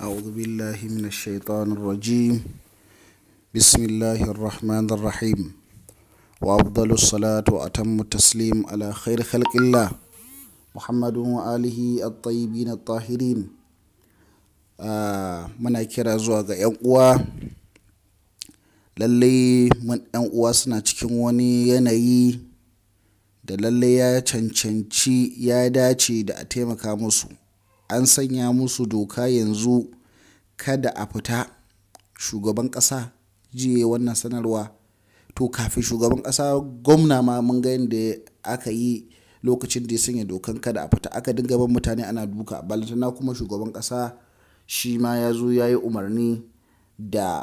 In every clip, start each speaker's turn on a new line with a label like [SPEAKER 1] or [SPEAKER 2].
[SPEAKER 1] أعوذ بالله من الشيطان الرجيم بسم الله الرحمن الرحيم وأفضل الصلاة وأتم التسليم على خير خلق الله محمد وآله الطيبين الطاهرين من أكرا zuwa ga للي من lallai 'yan uwa يني cikin wani yanayi da lallai ya cancanci ya dace da a taimaka musu an sanya musu doka yanzu kada a fita shugaban kasa jiye wannan sanarwa to kafin shugaban kasa gwamna ma mun ga yadda aka yi lokacin da ya sanya dokan kada a fita aka dinga ban mutane ana duka balantana kuma shugaban kasa shi ma ya zo ya yi umarni da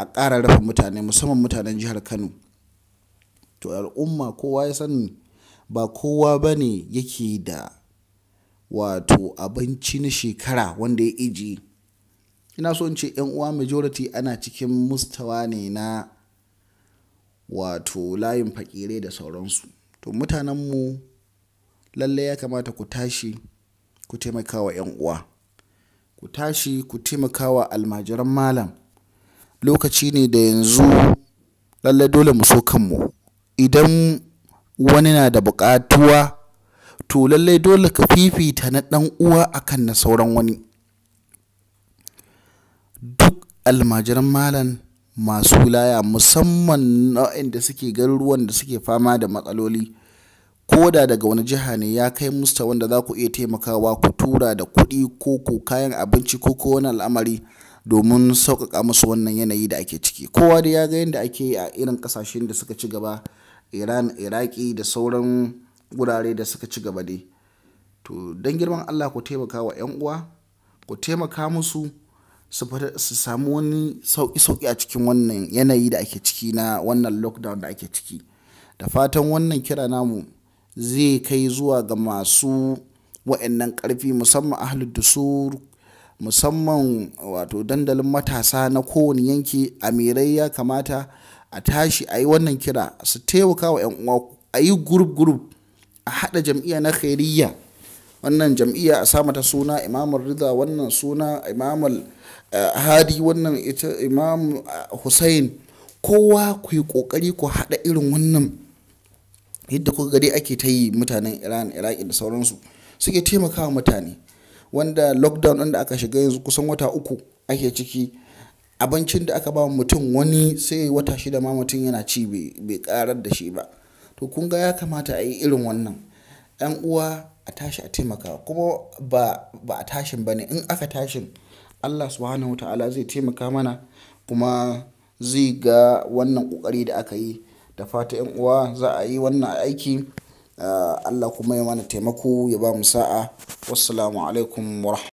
[SPEAKER 1] a ƙara rafa mutane musamman mutanen jihar kano to al'umma kowa ya sani ba kowa ba ne yake da wato abinci na shekara wanda ya iji ina so in ce yan uwa majority ana cikin mustawa ne na wato layin fakire da sauransu to mutanenmu lalle ya kamata ku tashi ku taimaka wa yan uwa ku tashi ku taimaka wa almajiran malam lokaci ne da yanzu lalle dole mu so kanmu idan wani na da buƙatuwa to lallai dole ka fifita na ɗan uwa akan na sauran wani duk almajiran malam masu laya musamman da suke garuruwan da suke fama da matsaloli ko da daga wani jiha ne ya kai musta wanda za ku iya taimakawa ku tura da kuɗi ko ko kayan abinci ko ko wani al'amari domin sauƙaƙa musu wannan yanayi da ake ciki kowa da ya ga yadda ake yi a irin ƙasashen da suka ci gaba iran iraki da sauran wurare da suka ci gaba dai to don girman allah ku taimaka wa 'yan uwa ku taimaka musu su samu wani sauki sauki a cikin wannan yanayi da ake ciki na wannan lockdown da ake ciki da fatan wannan kira namu zai kai zuwa ga masu wa'annan karfi musamman ahlul dusur musamman wato dandalin matasa na kowane yanki amirai ya kamata a tashi a yi wannan kira su taimaka wa 'yan uwa a yi gurub-gurub a haɗa jam'iyya na khairiyya wannan jam'iyya a samata ta suna imamul rida wannan suna imamul eh, hadi wannan ita imam eh, hussein kowa ku yi ƙoƙari ku haɗa irin wannan yadda kuka gari ake ta yi mutanen iran iraki da sauransu suke taimakawa mutane wanda lockdown wanda aka shiga yanzu kusan wata uku ake ciki abincin da aka ba mutum wani sai wata shida ma mutum yana ci bai karar da shi ba to kun ga ya kamata a yi irin wannan yan uwa a tashi a taimaka kuma ba ba a tashin bane in aka tashin Allah subhanahu ta'ala zai taimaka mana kuma zai ga wannan kokari da aka yi da fata yan uwa za a yi wannan aiki ah, Allah kuma ya mana taimako ya ba mu sa'a wassalamu alaikum wa